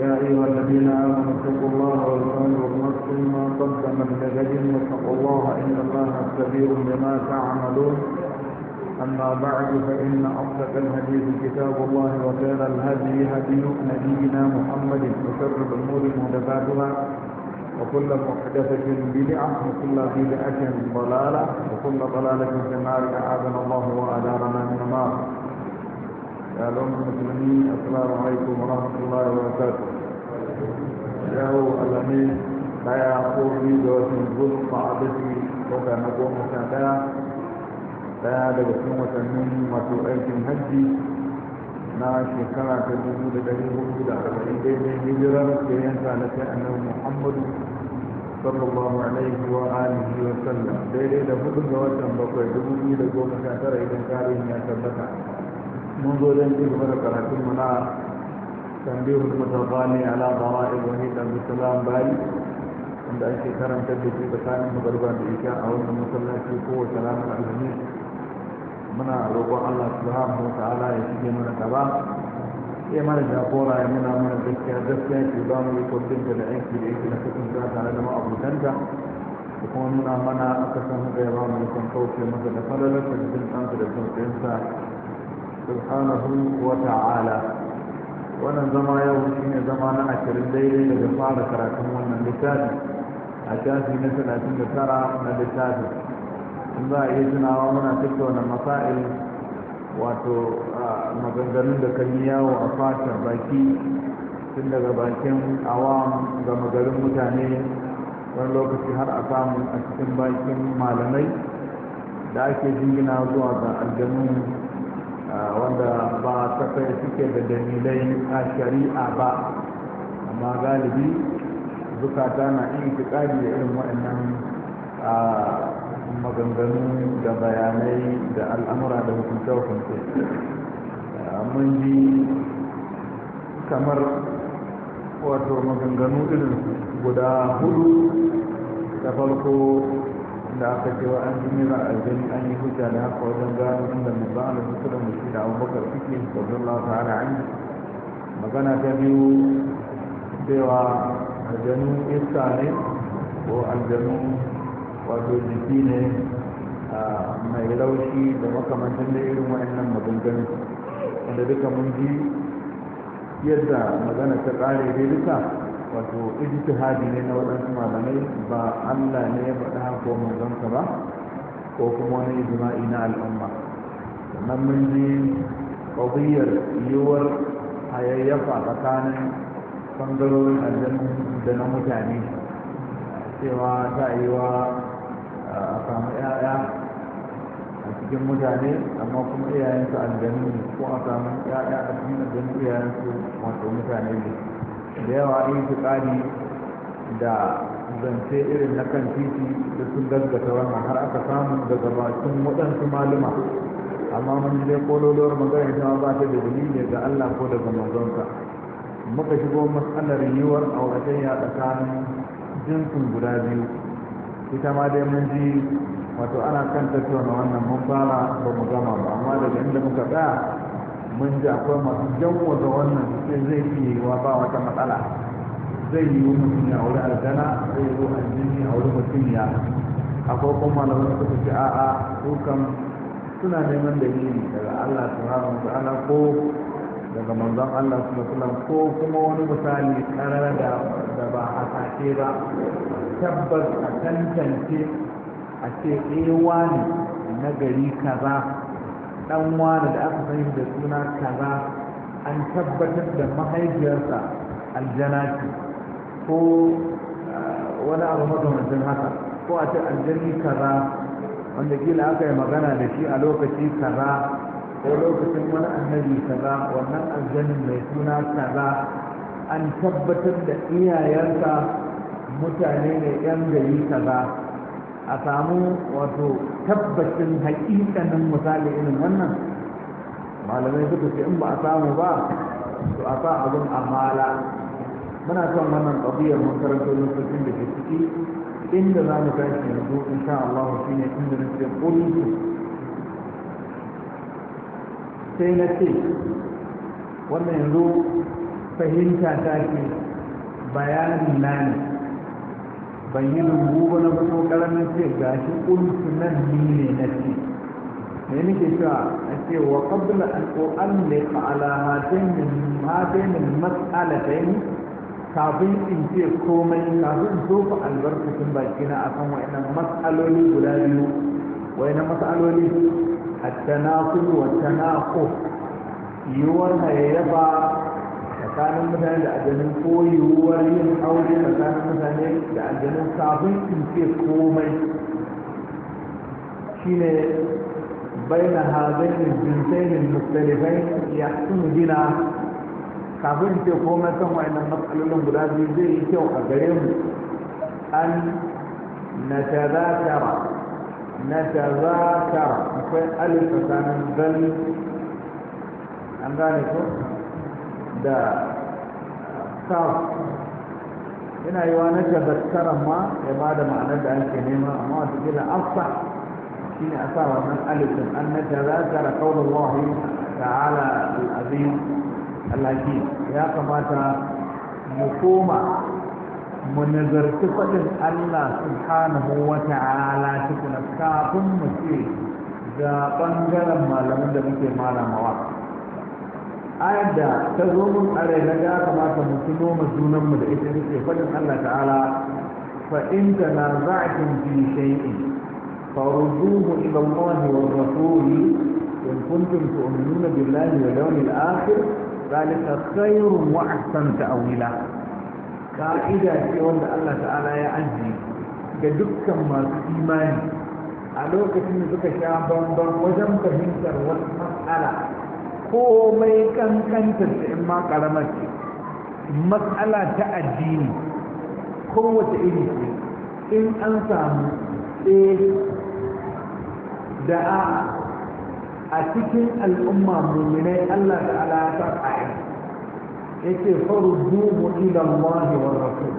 يا أيها الذين آمنوا اتقوا الله وقالوا بنصر ما قدمت لغد واتقوا الله إن الله كبير بما تعملون أما بعد فإن أصدق الحديث كتاب الله وخير الهدي هدي نبينا محمد وشر الأمور محدثاتها وكل محدثة بدعة وكل بدعة ضلالة وكل ضلالة في النار أعاذنا الله وأدارنا من النار يعلم المسلمين السلام عليكم ورحمة الله وبركاته ياو الأمين لا يعقوب لي جوات الظل قعدتي وكان نقوم سنة لا يعلم سنة من الهجي na shekara ta dubu da dari hudu da arba'in daidai hijirar kiran sai annabi muhammadu sallallahu alaihi wa alihi wa sallam daidai da hudu ga watan bakwai dubu biyu da goma sha tara idan tarihin ya tabbata mun zo don ji gaba da karatun mu na tambihul mutawali ala bara'i ibrahim da musulman bali wanda ake karanta da shi tsakanin magarba da ita, a wannan masallaci kowace ranar alhamis muna roƙon Allah subhanahu wa ta'ala ya shige mana gaba ya mana jagora ya muna mana gaskiya gaskiya ke ba mu yi dinka da aiki da yake na kasanta tare da ma'abutanta da kuma nuna mana aka san haka ya ba mu kwan kauce masa da falalar da jin ɗansa da jin subhanahu wa ta'ala wannan zama yau shine zama na ashirin daidai daga fara karatun wannan littafi a shafi na talatin da tara na littafi in za a iya tunawa muna tattauna masa'il wato maganganun da kan yi yawo a fatan baki tun daga bakin awam ga magarin mutane wani lokaci har a samu a cikin bakin malamai da ake jingina zuwa ga aljanu Ah, wanda ba ta kai suke da dalilai a shari'a ba amma galibi zukata na in da irin waɗannan ah, maganganu da bayanai da al'amura da hukunce-hukunce ah, mun ji kamar wato maganganu irin guda hudu da farko da aka cewa an ji a aljani an yi hujja da haka wajen gano inda mu ba da da mutu da abubakar suke sallallahu ta'ala an magana ta biyu cewa aljanu iska ne ko aljanu wato jiki ne mai laushi da makamantan da irin wa'annan maganganu wanda duka mun ji yadda magana ta ƙare dai duka wato ijtihadi ne na waɗansu malamai ba Allah ne ya faɗa ko manzonsa ba ko kuma wani jima'i na al'umma sannan mun ji ƙauyar yiwuwar hayayyafa tsakanin ɓangarorin aljanu da na mutane cewa ta yi wa a samu 'ya'ya a cikin mutane amma kuma iyayensu aljanu ko a samu 'ya'ya a cikin aljanu iyayensu wato mutane ne da yawa itikadi da zance irin na kan titi da sun gaggata wannan har aka samu daga bakin waɗansu maluma amma mun dai kololuwar magana ita ba ta da dalili ga Allah ko daga manzonsa muka shigo matsalar yiwuwar ya tsakanin jinsin guda biyu ita ma dai mun ji wato ana kan tattauna wannan mun fara ba mu gama ba amma daga inda muka tsaya mun ji akwai masu da wannan sai zai iya yiwa ba wata matsala zai yi wa mutum ya auri aljana zai yi wa aljini a wuri mutum ya akwai kuma malaman suka ce a'a su kan suna neman dalili daga Allah ko daga manzon Allah su alaihi ko kuma wani misali karara da da ba a sake ba tabbas a tantance a ce eh ne na gari kaza dan wani da aka sani da suna kaza an tabbatar da mahaifiyarsa aljana ce ko eh, wani abu makamancin haka ko a ce aljanni kaza wanda kila aka yi magana da shi a lokaci kaza ko lokacin wani annabi kaza wannan aljannin mai suna kaza an tabbatar da iyayensa mutane ne yan gari kaza a samu wato tabbacin hakikanin misali irin wannan malamai suka ce in ba a samu ba to a sa abin a mala muna son wannan ƙabiyar makarantar lokacin da ke ciki inda za mu tashi yanzu in sha Allah shi ne inda na ce ƙulku sai na ce wannan yanzu fahimta ta ce bayanin na ne ban yi lumbu ba na karamin ce ga shi kuntu nan ne na ce me nake cewa a ce wa qabla an u'alliqa min matsala hatayn yi kafin in ce komai kafin in tofa albarkacin baki na akan wa'annan matsaloli guda biyu wa'annan mas'aloli at-tanaqul wa tanaquf yiwuwar hayayyafa tsakanin mutane da aljanu ko yin aure tsakanin mutane da aljanu kafin in ce komai shine بين jinsainin الجنسين ya sun gina kafin ce komai kan san wa'annan matsalolin guda biyu zai yi kyau a gare mu an na tazakara na tazakara akwai alif tsakanin zali an gane ko da kaf yana yi wa na tabaskaran ma ya ba da ma'anar da ake nema amma wata gila afsa shi ne a sa wannan alifin an na tazakara kaunar da ta'ala al'azim ya kamata mu koma mu nazarci faɗin allah subhanahu wa ta'ala tukuna kafin mu ce ga ɓangaren malamin da muke malamawa ayar da ta zo mun a na ga kamata mu tuno mu junan mu da ita take fadin Allah ta'ala fa in tanaza'tum fi shay'in farudduhu ila Allah wa rasul in kuntum tu'minuna billahi wal yawmil akhir zalika khairun wa ahsanu ta'wila ka'ida ce wanda Allah ta'ala ya ajiye ga dukkan masu imani a lokacin da suka sha bambam wajen fahimtar wasu matsala komai kankantar da in ma karamar ce matsala ta addini kowace iri ce in an samu A da a a cikin al'umma muminai Allah da ya sa ya ce faru duhu ila Allah wa rasul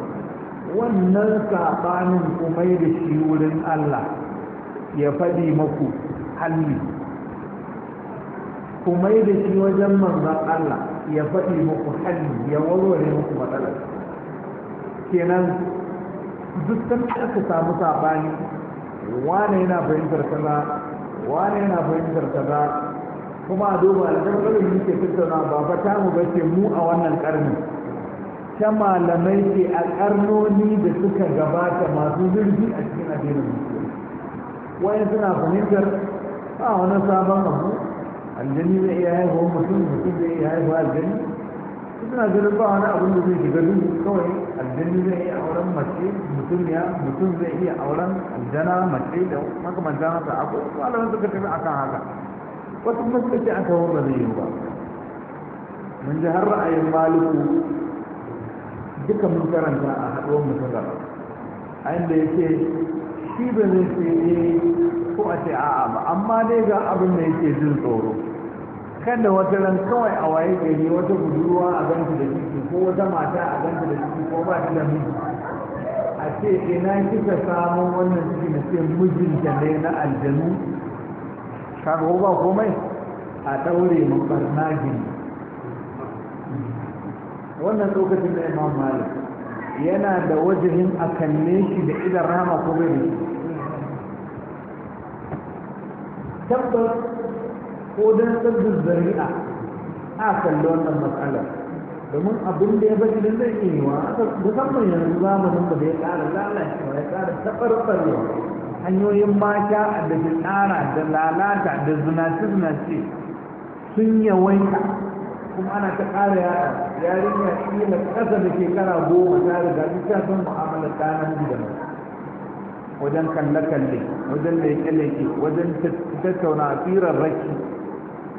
wannan saɓanin kuma da shi wurin Allah ya faɗi maku halli ku mai da shi wajen manzan Allah ya faɗi muku hali ya warware muku matsalar kenan duk sanda aka samu sabani wane yana fahimtar kaza wane yana fahimtar kaza kuma a duba alƙalƙalin muke tattauna ba ba ta mu bace mu a wannan karni ta malamai ke a karnoni da suka gabata masu zurfi a cikin addinin musulmi wayan suna fahimtar a wani sabon abu aljani zai iya haihuwa mutum mutum zai iya haihuwa aljani suna ganin ba wani abin da zai shiga duhu kawai aljani zai iya auren mace mutum ya mutum zai iya auren aljana mace da makamanta haka akwai malaman suka tafi akan haka wasu masu ce aka wurin zai yi ba mun ji har ra'ayin maliku duka mun karanta a haɗuwar mutum da Ayin da ya ce shi ba zai ce eh ko a ce a'a ba amma dai ga abin da yake jin tsoro kada wata ran kawai a waye gari wata budurwa a ganta da ciki ko wata mata a ganta da ciki ko ba ta da miji a ce ina kika samu wannan ciki na ce mijinta ne na aljanu kaga ba komai a daure mu barna gini wannan lokacin da imam malik yana da wajihin a kalle shi da idan rama ko bai tabbas ko don sabbin zari'a a kalli wannan matsalar domin abin da ya bari da zai iya yiwa musamman yanzu zamanin da ya ƙara lalacewa ya ƙara taɓarɓarewa hanyoyin mata da tsara da lalata da zinace-zinace sun yawaita kuma ana ta ƙara yara yarinya ƙila ƙasa da shekara goma ta riga duk ta san mu'amalar ɗanan gidan wajen kalle-kalle wajen leƙe-leƙe, wajen tattauna a firar raki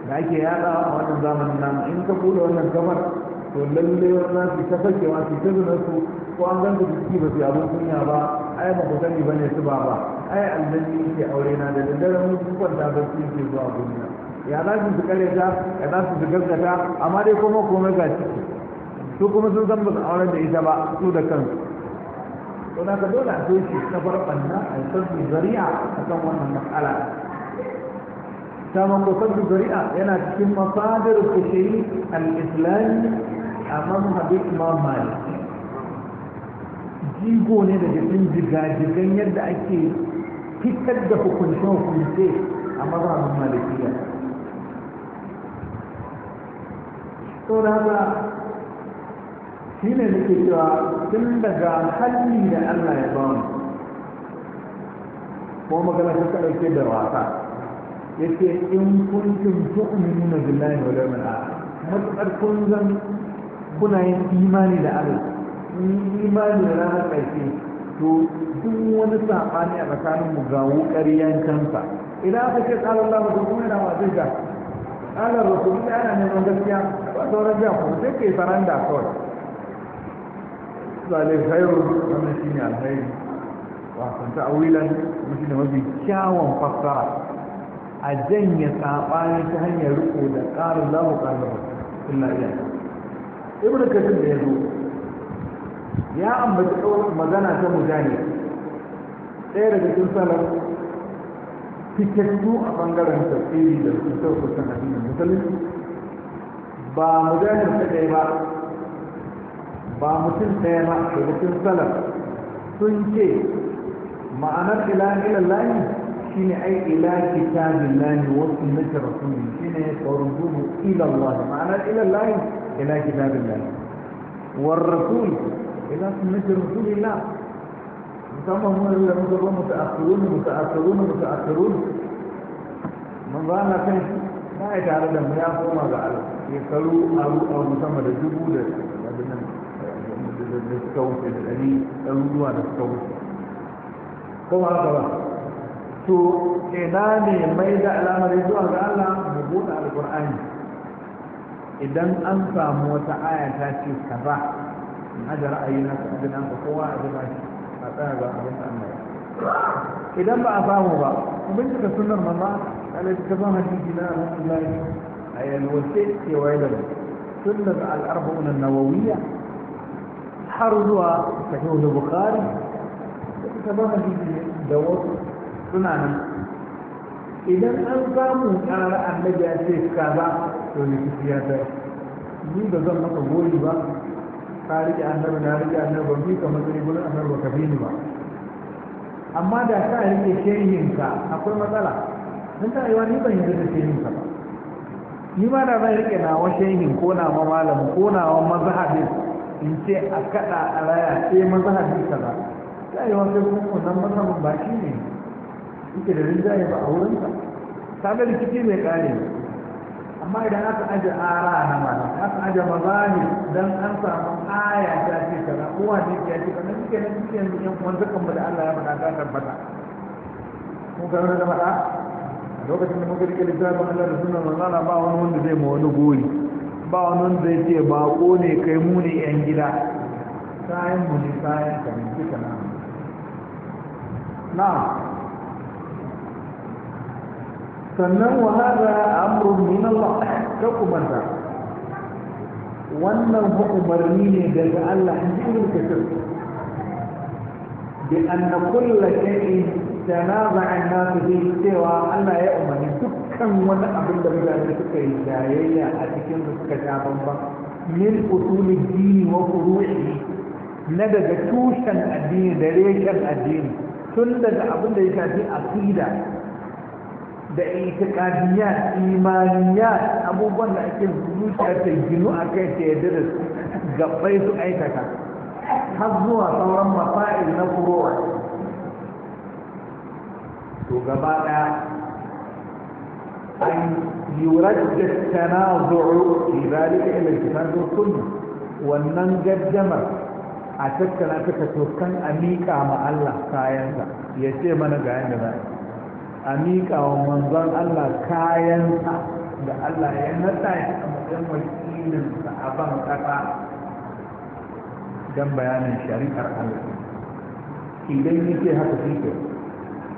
da ake yada a wannan zamanin nan in ka da wannan gabar to lalle wannan su ta fakewa su ta zuna su ko an ganta su ba su abin kunya ba ai ba ku sani ba ne su ba ba ai aljanni ke aure na da daddare mun su kwanta ba su ke zuwa duniya ya za su su kare ta ya za su su gaskata amma dai kuma komai ga ciki su kuma sun san ba su da ita ba su da kansu to na ka dole a shi na farkon a yi zari'a a kan wannan matsala ta mangofar zuri'a yana cikin mafadar kushiri al islam a mazhabin imam jigo ne da cikin jigajigan yadda ake fitar da hukuncin hukunce a mazhabin malikiya to da haka shi ne nake cewa tun daga halli da allah ya ba mu ko magana ta ɗauke da wasa yake in kuntum tu'minuna billahi wal yawmil akhir matukar kun zan kuna yin imani da Allah in imani da ranar ƙarshe to duk wani sabani a tsakanin mu ga wuƙariyan kansa idan aka ce ƙalar Allah to kuma yana wasu ga ƙalar Rasul da ana neman gaskiya ba sauran biya ku sai ke saranda kawai zalai khairu wannan shine alkhairi wa san awilan mutum da mafi kyawun fassara a janye saɓani ta hanyar riko da karin za mu ƙarin illa ya ibnu kasir da ya ya ambaci magana ta mujahid sai da cikin salaf fitattu a bangaren tafsiri da fitar kusan addinin musulunci ba mujahid ta kai ba ba mutum ɗaya ba da cikin salaf sun ce ma'anar ilaha illallah shine ai ila kitabillahi wa sunnati rasulih shine farduhu ila Allah ma'ana ila Allah ila kitabillahi war rasul ila sunnati rasulillah musamman mun da mun zama mutaakhirun mutaakhirun mutaakhirun mun ba na kai ba ya tare da mu ya koma ga Allah karu aru aru sama da dubu da da suka wuce da ɗari ɗaruruwa da suka wuce kowa haka ba to ina mai da alamar zuwa ga Allah mu bude alqur'ani idan an samu wata aya ta ce kaza in aje ra'ayi na ka ajina ka kowa a jira shi a tsaya ga abin da Allah idan ba a samu ba abin da sunnar manzo Allah ta ban haji ila Allah ayan wasi ke wayar sunnar al-arba'un an-nawawiyya har zuwa sahih al-bukhari ta ban hadisi da wasu suna nan idan an samu ƙarar annabi ya ce kaza to ne kifi ya ta ni ba zan maka goyi ba ka rike annabi na rike annabi ba bi kamar zai gurin annabi ba ka bi ni ba amma da ka rike ka akwai matsala don ta yi ni ban yarda da shehinka ba ni ma da zan rike nawa shehin ko ma malam ko nawa mazhabin in ce a kada a raya sai eh, mazhabin kaza ta aiwa sai kuma nan mazhabin ba shi ne yake da rinjaye ba a wurinsa kaga rikici mai kare amma idan aka aje ara na ma aka aje mazani dan an samu aya ta ce na uwa ne ya ce kaza suke nan suke yanzu yan uwan mu da Allah ya faɗa ta tabbata mun ga wannan da faɗa a lokacin da muka rike littafin Allah da sunan manzala ba wani wanda zai mu wani gori ba wani wanda zai ce ko ne kai mu ne yan gida kayan mu ne kayan ka ne duka na na'am sannan wa hada amrun min Allah ka kumanta wannan umarni ne daga Allah jirin ka sirri bi anna kullu shay'in tanaza'a an-nas bi cewa Allah ya umarni dukkan wani abin da mutane suka yi yayaya a cikin suka ta bamban min usulul dini wa furu'i na daga tushen addini da reshen addini tun daga abin da ya shafi aqida da itikadiyat imaniyat abubuwan da ake zuciya ta ginu a kai ta yadda da su gabbai su aikata har zuwa sauran masa'il na furowa to gaba ɗaya an tana tanazu'u fi zalika ila kitabi sunna wannan gaddamar a tattara ta tokan a miƙa ma Allah kayansa ya ce mana ga yadda za a a miƙa wa manzon Allah kayansa da Allah ya nasa shi a matsayin wakilin a ban ƙasa don bayanin shari'ar Allah idan yake haka shi ke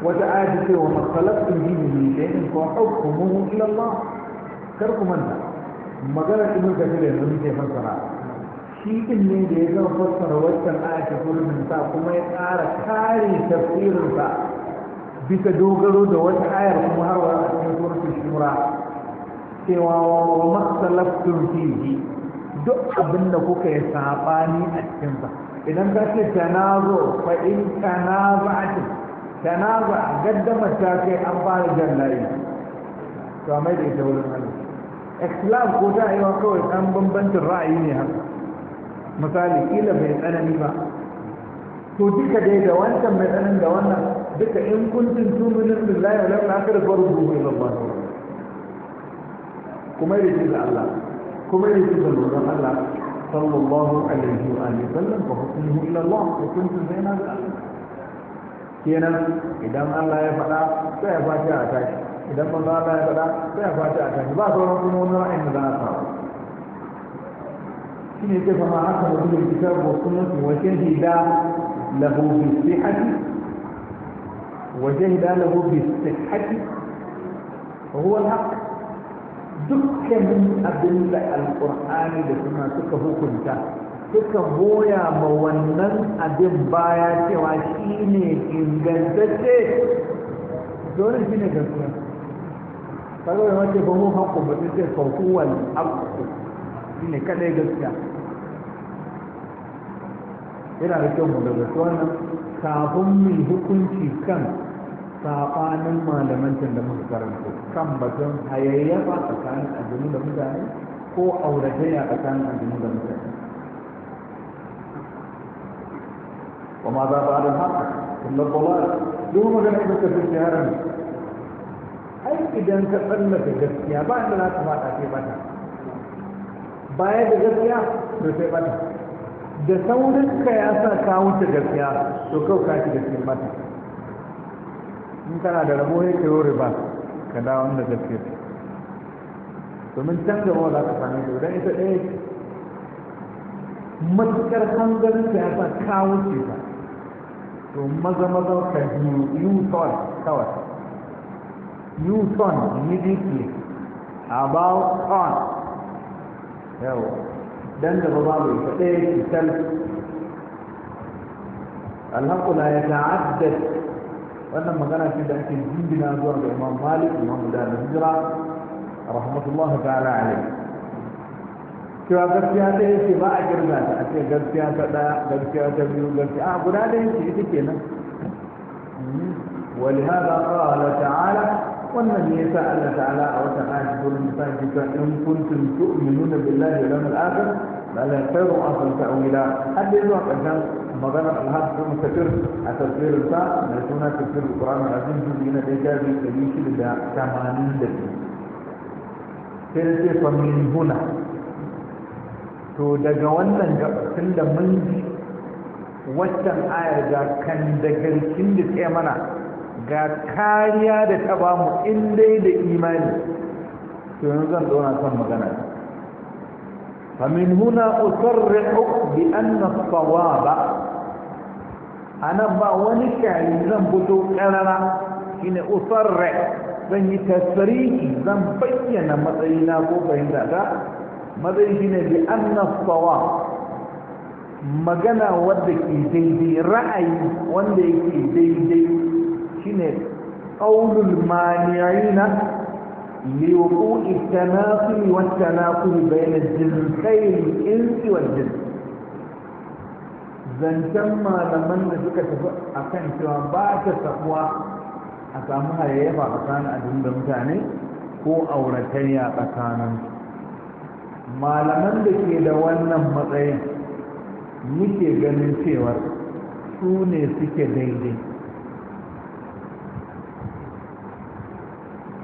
wata ayata ce wa masalafin jini ne da yin kuma hukumu ilallah kar ku manta magana ne da yanzu muke fassara shi ɗin ne da ya zama fassara waccan ayata gurbin sa kuma ya ƙara kare tafsirinsa bisa dogaro da wata ayar kuma har wa a cikin surat shura cewa wa maktalaftum fihi duk abin da kuka yi sabani a cikin sa idan ka ce tanazo fa in tanaza'at tanaza gaddama ta kai an fara jallari to mai da ita wurin Allah ikhtilaf ko ta yi wa kawai an bambancin ra'ayi ne haka misali kila bai tsanani ba to duka dai da wancan mai tsanani da wannan duka in kuntum tu'minun billahi wal yawmil akhir farudduhu ila Allah kuma yake da Allah kuma yake da manzon Allah sallallahu alaihi wa alihi sallam fa hukmuhu ila Allah wa kuntum bayna kenan idan Allah ya faɗa sai ya fashi a tashi idan manzo Allah ya faɗa sai ya fashi a tashi ba sauran kuma wani ra'ayin da za a samu shine ke fama haka mutum kitabu wa sunnati wa shahida lahu bi sihhati وجهد له بالصحة فهو الحق dukkanin abin da alkur'ani da suna suka hukunta suka goya ma wannan abin baya cewa shi ne ingantacce dole shi ne gaskiya kaga wani wace ba mu haƙƙo ba su ce fahuwal haƙƙo shi ne kaɗai gaskiya yana da kyau mu daga wannan kafin mu hukunci kan saɓanin malamancin da muka karanta kan batun hayayyafa tsakanin aljanu da mutane ko auratayya tsakanin aljanu da mutane wa ma za ba da haka kullum balar duk magana da ta fi shaharar ai idan ka tsallaka gaskiya ba inda za ka ta sai bata baya da gaskiya to sai bata da saurin ka ya sa ka wuce gaskiya to kau ka shi gaskiyar bata in kana da rabo sai ka yi riba ka dawo da gaske mun can gaba wanda ka sani ta idan ita ɗaya ce matuƙar hanzarin ta ya kawo ce ta to maza maza ka yi kawai newton immediately about on yau dan da baba mu ita ɗaya ce tal alhaƙula ya ta'addad wannan magana ce da ake jingina zuwa ga imam malik imam da hijira rahmatullah ta'ala alai cewa gaskiya ta yake ba a girga ta a ce gaskiya ta ɗaya gaskiya ta biyu gaskiya a guda da yake ita kenan ولهذا قال تعالى والنبي سأل تعالى أو تعالى يقول إن كنتم تؤمنون بالله واليوم الآخر فلا خير أصل تأويلا حد يزوى قدام Maganar alhaji bin musafir a tafsirin mai suna tafsir qur'an azim juzi na dai jabi ɗari shida da tamanin da biyu sai ce fa min huna to daga wannan tun da mun ji waccan ayar ga kan da garkin da tsaye mana ga kariya da ta mu in dai da imani to yanzu zan zauna kan magana فمن هنا أصرح بأن الصواب a nan ba wani kyari zan fito ƙarara shine usarra zan yi tasiriki zan bayyana matsayina ko fahimta ta matsayi shine bi magana wadda ke daidai ra'ayi wanda yake daidai shine qaulul mani'ina لوقوع التناقض والتناقض بين الجنسين الانس والجنس zancen malaman da suka tafi a kan cewa ba ta sakuwa a samu hayayyafa tsakanin abin da mutane ko auratayya tsakanin malaman da ke da wannan matsayin muke ganin cewar su ne suke daidai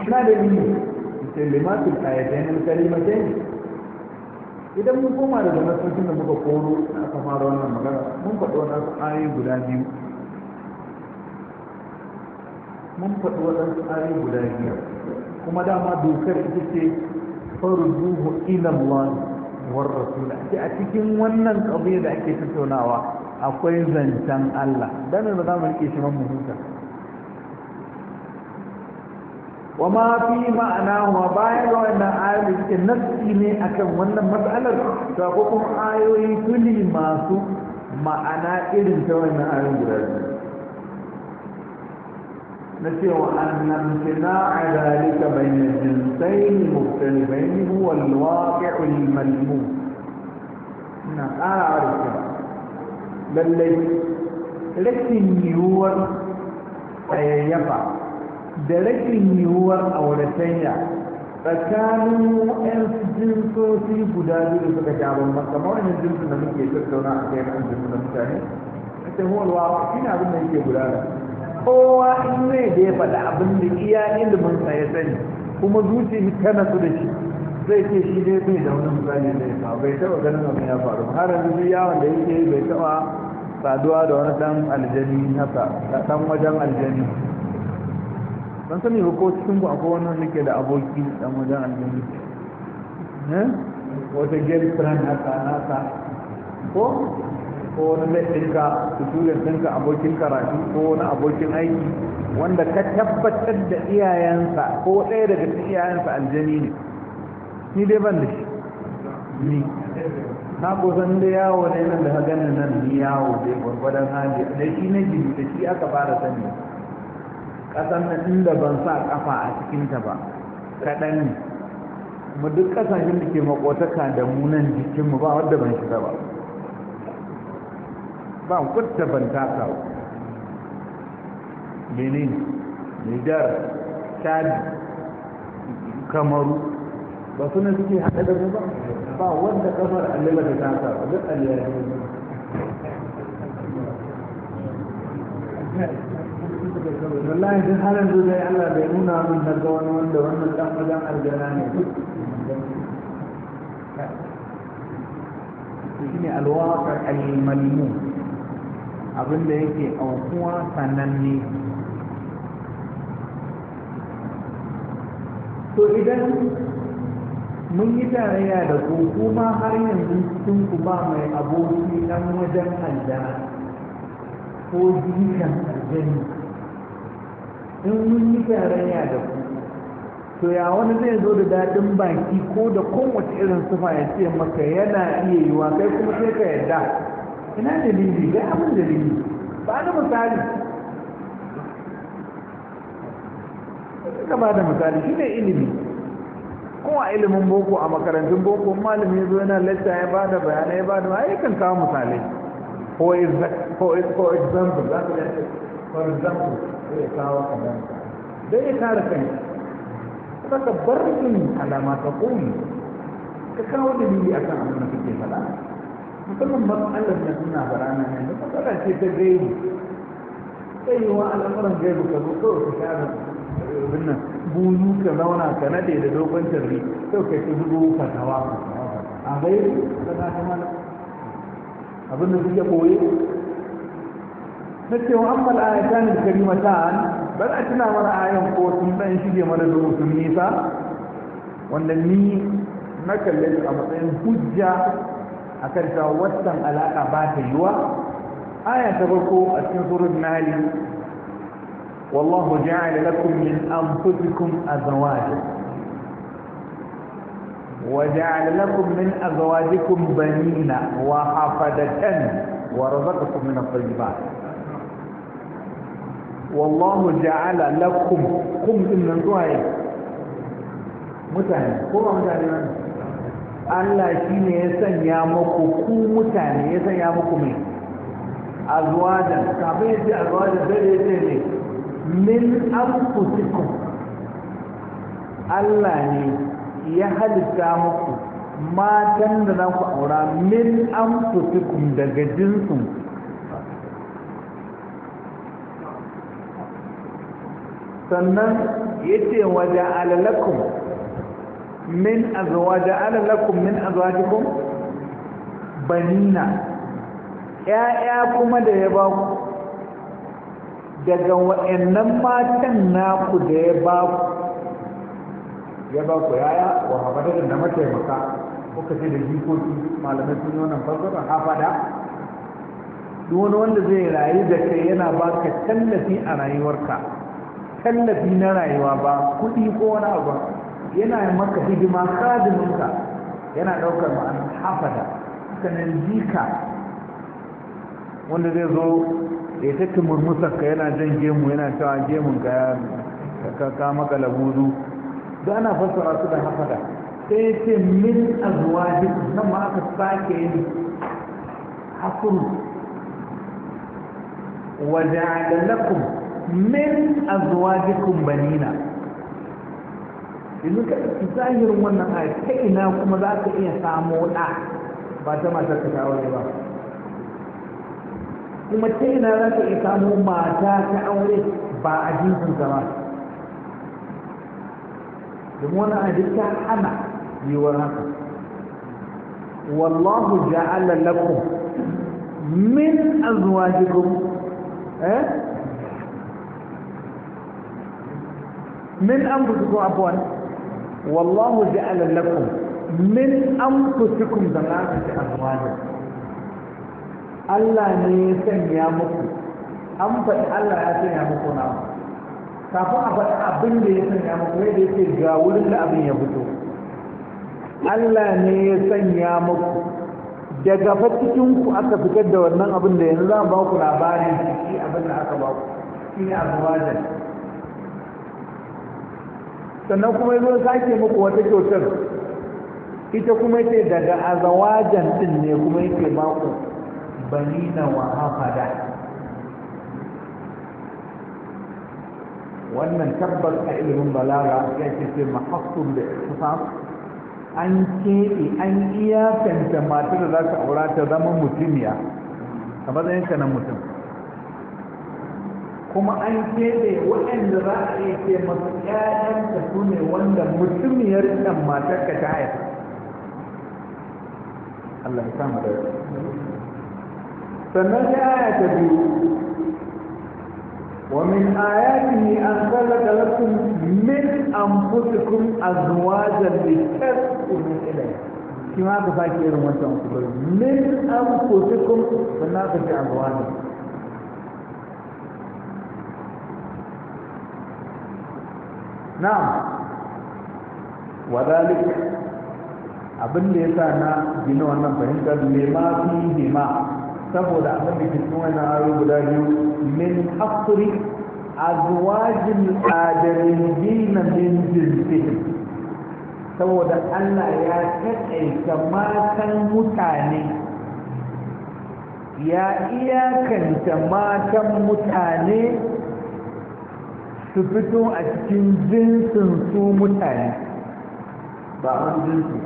ina da biyu limatin ayatayen kalimatai idan mun koma daga nasoshin da muka koro aka fara wannan magana mun faɗi waɗansu ayoyi guda biyu mun faɗi waɗansu ayoyi guda biyu kuma dama dokar ita ce farzuhu ila Allah war ce a cikin wannan qadiya da ake tattaunawa akwai zancen Allah dan da zamu rike shi mun huta وما في معناه وبايل وإن آل آية النفسي من أكم وإن مسألة فقوكم آيوه كل ما سوء معنى إذن سوى إن آل آية الجراج نسيو أن امتناع ذلك بين الجنسين المختلفين هو الواقع الملموس نعم أنا أعرف بل ليس لكن يور يبقى da rashin yiwuwar auratayya tsakanin yan jinsoci guda biyu da suka sha bambam kamar wani jinsu da muke tattauna a kai kan jinsu na mutane a ce huwalwa shi ne abin da yake da kowa in zai da ya faɗa abin da iya ilimin sa ya sani kuma zuci kana su da shi zai ce shi ne bai da wani misali da ya bai taɓa ganin abin ya faru har yanzu yawon da yake bai taɓa saduwa da wani ɗan aljani haka ɗan wajen aljani ban sani ba ko cikin ku akwai wannan nake da aboki dan wajen aljanu eh wata girlfriend haka nasa ko ko wani ɗinka tutulin ɗinka abokin karatu ko wani abokin aiki wanda ka tabbatar da iyayensa ko ɗaya daga cikin iyayensa aljani ne ni dai ban da shi ni na kusan da yawo ne nan da haganin nan ni yawo dai gwargwadon hali da shi na jini da shi aka fara sani ƙasar nan inda ban sa ƙafa a cikinta ba kaɗan ne mu duk ƙasashen da ke makotaka da munan jikinmu ba wadda ban shiga ba ba kudda ban taka ba benin nijar chad kamaru ba suna suke hada da ba ba wanda ƙasar allaba da taka ba duk allaba da wallahi duk halin zuwa Allah nuna min na wani wanda wannan ne ne yake to idan mun yi tarayya da ku kuma har yanzu cikin ku ba mai aboki nan wajen aljana ko jikin aljani in mun yi tarayya da ku to ya wani zai zo da daɗin baki ko da kowace irin sufa ya ce maka yana iya yiwa kai kuma sai ka yarda ina dalili ga abin dalili ba da misali ka ba da misali shi ne ilimi ko a ilimin boko a makarantun boko malami zo yana lacca ya ba da bayanai ya ba da kan kawo misalai for example for example for example sai ya kawo kaɗan dan ya kare kai saka barin alama ta kuni ka kawo da a kan abin da kake faɗa musamman matsalar da suna barana ne da matsala ce ta gaibu sai wa al'amuran gaibu ka zo kawai ka share abin nan bunu ka zauna ka nade da dogon tarbi sau kai ta zubo tawa a gaibu ka za ta mana abin da suke koyi نتي وأما الآيتان الكريمتان بل أتنا ولا آية قوس من شدي ولا دروس النساء وأن المي ما كان لدى أمرين حجة أكاد توسم على أبات اللواء آية تبقوا السنصر النهل والله جعل لكم من أنفسكم أزواجا وجعل لكم من أزواجكم بنينا وحفدة ورزقكم من الطيبات wallahu ja'ala lakum kum din nan zuwa yi mutane ko ba mutane ba Allah shi ne ya sanya muku ku mutane ya sanya muku mai azwajan kafin ya ce azwajan sai ya ce ne min anfusikum Allah ne ya halitta muku matan da za ku aura min anfusikum daga jinsin sannan ya ce waje alalakun min azuwaje alalakun min azwajikum banina Ya'ya kuma da ya ba ku daga waɗannan matan naku da ya ba ku ya ba ku yaya wa haɓatar da mataimaka kuka ce da jikoki malamai sun yi wannan fassara haɓada duk wani wanda zai rayu da kai yana baka tallafi a rayuwarka tallafi na rayuwa ba kuɗi ko wani abu yana maka hidima kadiminka yana ɗaukar ma'ana hafada sanin jika wanda zai zo ya take ka yana jan gemu yana cewa gemun ka ya ka maka labudu da ana fassara su da hafada sai ya ce min jiki nan ma aka sake yin hakuru wa lakum min azwajikum banina yanzu ka zahirin wannan a ta ina kuma za ka iya samo ɗa ba ta matar ka ta aure ba kuma ta ina za ka iya samo mata ta aure ba a jinsin ba domin wannan aya ta hana yiwuwar haka wallahu ja'ala lakum min azwajikum eh min anfusikum afwan wallahu ja'ala lakum min anfusikum zanati azwaja Allah ne ya sanya muku an faɗi Allah ya sanya muku na kafin a faɗi abin da ya sanya muku wai da yake ga wurin da abin ya fito Allah ne ya sanya muku daga fa aka fitar da wannan abin da yanzu za ba ku labarin shi abin da aka ba ku shi ne azwajan sannan kuma zo sake muku wata kyautar ita kuma ce daga azawajan din ne kuma yake baku banina na hafada wannan tabbas a ilimin balaga ya ce ce mahassun da iktisam an keɓe an iyakanta matar da za ka aura ta zama mutumiya a matsayin na mutum kuma an keɓe waɗanda za a iya ce masu ƴaƴanta su ne wanda mutumiyar ɗan ka ta haifa Allah ya samu da sannan ya aya ta biyu ومن آياته أن خلق لكم من أنفسكم أزواجا لتسكنوا إليها كما تفاكر من أنفسكم فلا تفعلوا na'am wadalik abin da ya sa na gina wannan fahimtar ma fi ma saboda abin da ke cikin wannan aro guda biyu min asri azwajil adamiyyin min jinsihim saboda Allah ya taƙaita matan mutane ya iyakanta matan mutane su fito a cikin jinsin su mutane ba an jinsi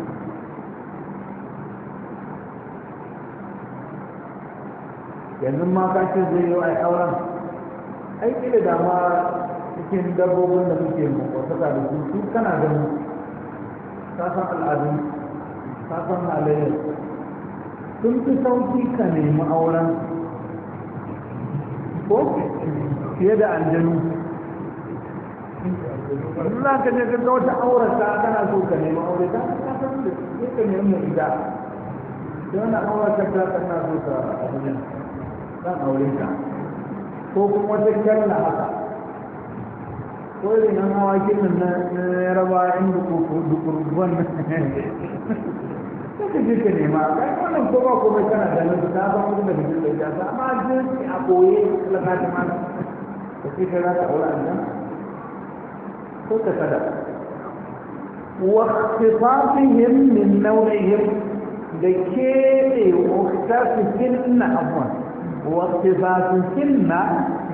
yanzu ma ka ce zai yi wa auren aiki da dama cikin dabbobin da suke wasu da su su kana ganin ta san al'adun ta san halayyar sun fi sauki ka nemi auren ko fiye da aljanu in za ka je ga wata aurata kana so ka nemi aure ta ka da sai ida da wannan ta so ka aure aure ko kuma wata kyalla haka ko nan nan na in nan ka nema wannan ko ba da nan ta ba da da ta amma a koye ce za aure ko ka sada واختصاصهم من نوعهم لكي واختصاصهن عفوا واختصاصهن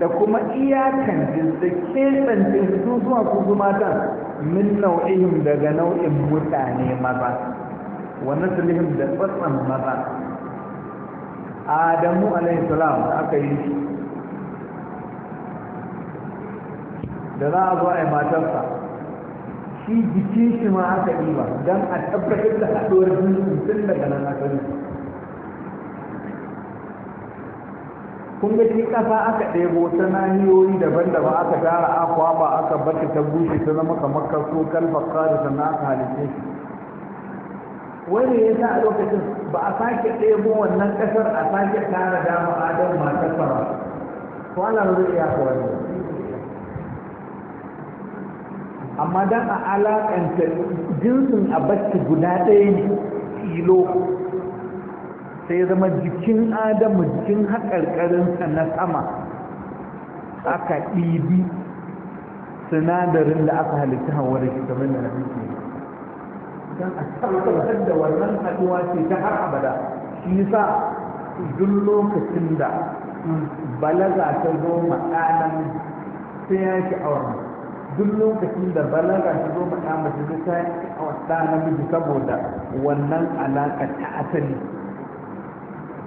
da kuma iyakan da keɓen su zuwa su matan min nau'ihim daga nau'in mutane maza wa naslihim da tsatsan maza adamu alaihi salam aka yi da za a zo a yi matarsa shi jikin shi ma aka yi ba don a tabbatar da haɗuwar jinsi tun daga nan asali kun ga shi ƙasa aka ɗebo ta nahiyoyi daban-daban aka tara akwa ba aka bata ta bushe ta zama kamar kaso kalbaka da sannan aka halitta shi wani ya sa a lokacin ba a sake ɗebo wannan ƙasar a sake tara dama adam matar ba ko zai iya ka amma dan a alakanta jinsin a bacci guda ɗaya ne ilo sai zama jikin adamu jikin haƙarƙarinsa na sama aka ɗibi sinadarin da aka halitta hawa da shi kamar da na ke don a tabbatar da wannan haɗuwa ce ta har abada shi sa duk lokacin da balaga ta zo maɗanan sai ya shi auren duk lokacin da balaga ta zo mata mace zai ta yi ɗa namiji saboda wannan alaƙa ta asali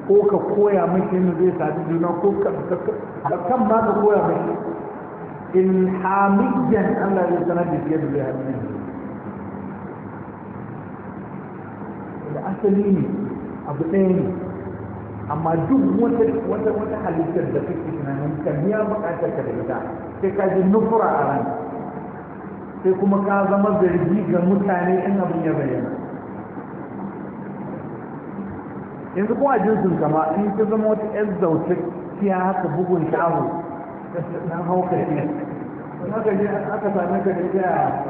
ko ka koya mashi yadda zai sadu juna ko ka kan ma ka koya mashi in hamiyyan Allah zai sanar da fiye da zai hannu da asali ne abu ɗaya ne amma duk wata wata halittar da kake tunanin kan ya buƙatar ka da ita sai ka ji nufura a ranka sai kuma ka zama zargi ga mutane in abin ya bayyana yanzu kuma jinsin kama in ka zama wata yan zauce kiya haka bugun shahu na hauka ne haka ne aka same ka ne da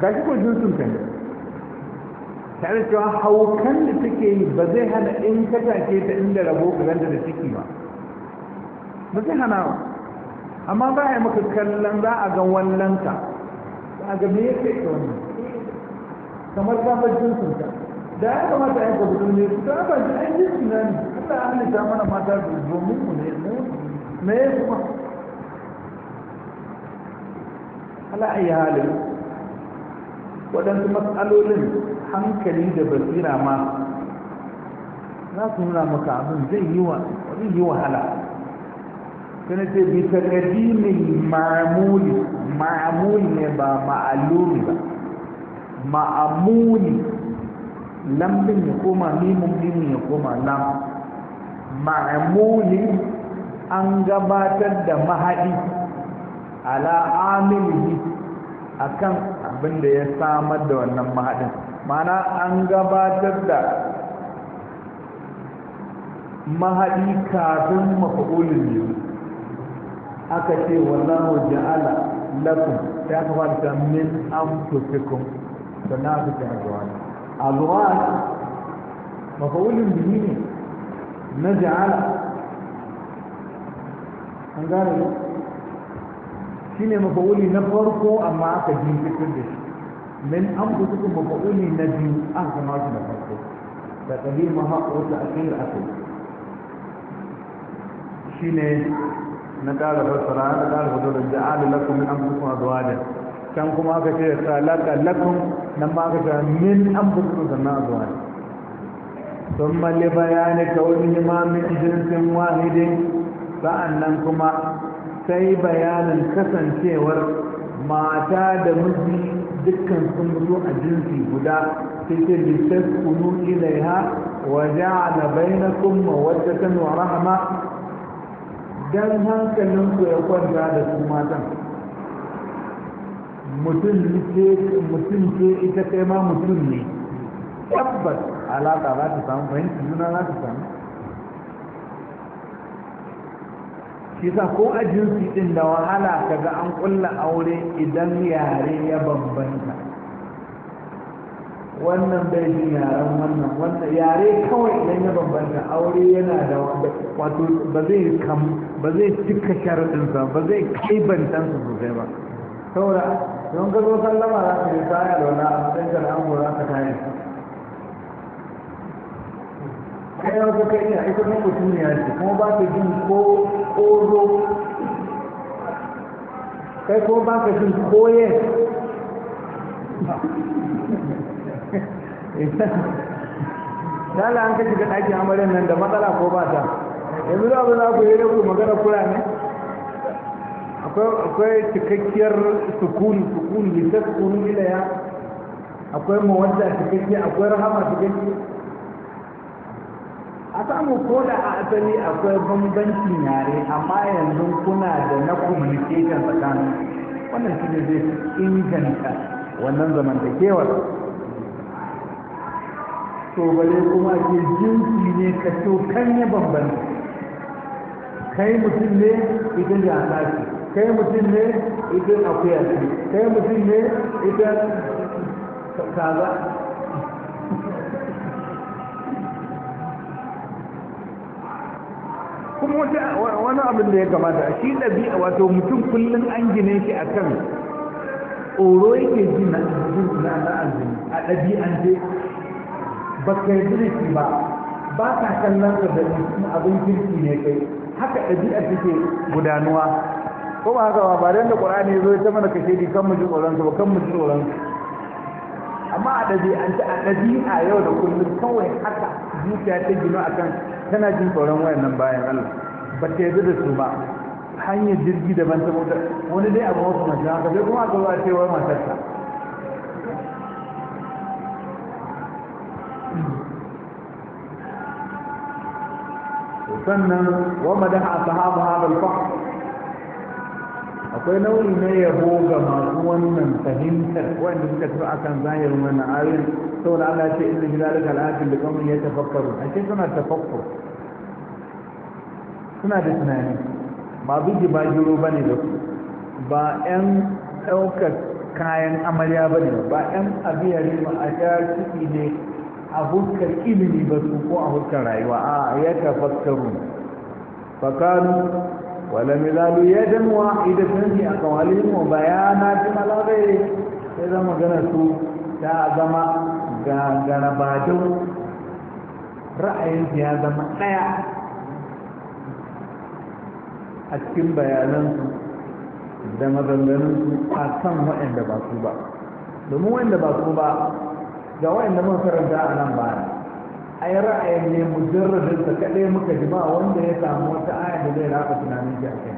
gashi ko jinsin ka ne tare cewa haukan da suke yi ba zai hana in ka take ta inda rabo ka ganta da ciki ba ba zai hana ba amma ba a maka kallon za a ga wallanka ba a ga me yake ka wani, kamar kafar jinsin ka da ya kamata a yi yanka gudun ne su ta ba shi an yi tunani Allah an lita mana mata da domin mu ne me ya kuma ala ayi halin waɗansu matsalolin hankali da basira ma za su nuna maka abin zai yi wahala Sani ce bi taqdimin ma'amuli ma'amuli ne ba ma'aluri ba ma'amuli lambin ya koma mimin mimin ya koma lam ma'amuli an gabatar da mahadi ala amilihi kan abin da ya samar da wannan mahadin mana an gabatar da mahadi kafin mafi'ulin yanzu aka ce wallahu ja'ala lakum sai aka fara ta min anfusikum sannan aka ce azwaj azwaj mafa'ulin bihi ne na ja'ala an gane ne shi ne mafa'uli na farko amma aka jinkirin da shi min anfusikum mafa'uli na biyu an kama shi na farko da kalima haƙo ta akhir akai shine na ƙara fassara na ƙara fito da ja'ala lakum min anfusikum azwajan can kuma aka ce salaka lakum nan ma aka ce min anfusikum sannan azwajan ثم لبيان كونهما من جنس واحد sa'annan kuma sai bayanin kasancewar mata da miji dukkan sun mutu a jinsi guda sai ce littaskunu ilaiha wa ja'ala bainakum mawaddatan wa rahma Idan hankalin ku ya kwanta da su matan mutum ce ita kai ma mutum ne tabbas alaka za ta samu fahimci juna za ta samu shi sa ko a jinsi ɗin da wahala kaga an ƙulla aure idan yare ya bambanta wannan bai jin yaren wannan wannan yare kawai idan ya bambanta aure yana da wato ba zai kam ba zai cika sa ba zai kai su sosai ba saboda don ka zo sallama za ka yi sa'a da wani abin da al'amur za ka kaya kai yau ka kai ita kuma mutum ya ce kuma ba ka jin ko ƙoro kai kuma ba ka jin koye Eh, dala an ka shiga ɗakin amaryar nan da matsala ko ba ta yanzu za ku za ku yi ku magana kura ne akwai cikakkiyar sukuni sukuni lissa sukuni ya akwai mawadda cikakkiya akwai rahama cikakkiya a samu ko da a asali akwai bambancin yare amma yanzu kuna da na communication tsakanin wannan shi ne zai inganta wannan zamantakewar to bale kuma ke jinsi ne ka kan ya bambanta kai mutum ne idan ya ce kai mutum ne idan akuya ce kai mutum ne idan kaza kuma wani abin da ya kamata shi ɗabi'a wato mutum kullum an gine shi a kan tsoro yake ji na aljini a ɗabi'an dai ba kai yi zurfi ba ba ka kallon da abin kirki ne kai haka ɗabi'a take gudanuwa ko ba haka ba ba dan da qur'ani zo ta mana kashe di kan mu ji tsoron ba kan mu ji tsoron amma a ɗabi'ance a ɗabi'a yau da kullum kawai haka zuciya ta gino akan tana jin tsoron wayannan bayan Allah ba ta yarda da su ba hanyar jirgi daban ta motar wani dai abu wasu mace haka zai kuma a zo a ce matarsa sannan wa madaha sahaba hada al-fahm akwai nau'i na yabo ga masu wannan fahimtar wanda suka tafi akan zahirin wannan ayoyin saboda Allah ya ce inna fi zalika al-ayatin li qaumin a ce suna tafakkur suna da tunani ba bigi ba jiro bane da su ba ƴan ɗaukar kayan amarya bane ba ƴan abiyari ma a ne a huskar ilimi ba su ko a huskar rayuwa a ya tafakkaru fakanu wala mizalu ya dan wa idan fi aqwalihim wa bayana ta ghairi sai zama magana su ta zama ga badau ra'ayin ya zama daya a cikin bayanan su da su a kan waɗanda ba su ba domin waɗanda ba su ba ga wa'anda muka karanta a nan baya ai ra'ayin ne mujarradin ta kaɗai muka ji ba wanda ya samu wata aya da zai rafa tunanin shi a kai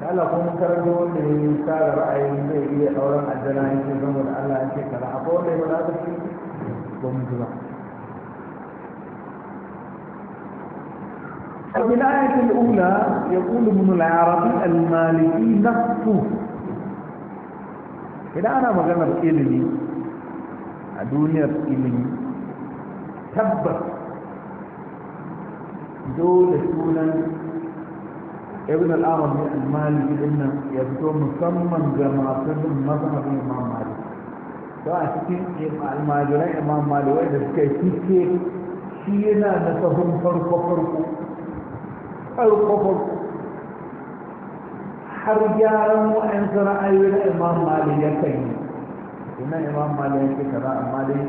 da Allah kuma karanta wanda ya yi tsara ra'ayin zai iya ɗauran addana ya ce zama da Allah ya ce kara akwai wanda ya rafa shi ba mu ji ba وفي الآية الأولى يقول ابن العربي المالكي نفسه إذا أنا مجمع إلمي a duniyar ilimi tabbas dole sunan ibn al'amar ne al-maliki din nan ya fito musamman ga masu bin mazhabin imam malik to a cikin almajiran imam malik wanda suka yi fiske shi yana da sahun farko farko farko farko har gyaran wa'ansu ra'ayoyin imam malik ya kan yi ina imam malam yake kaza amma dai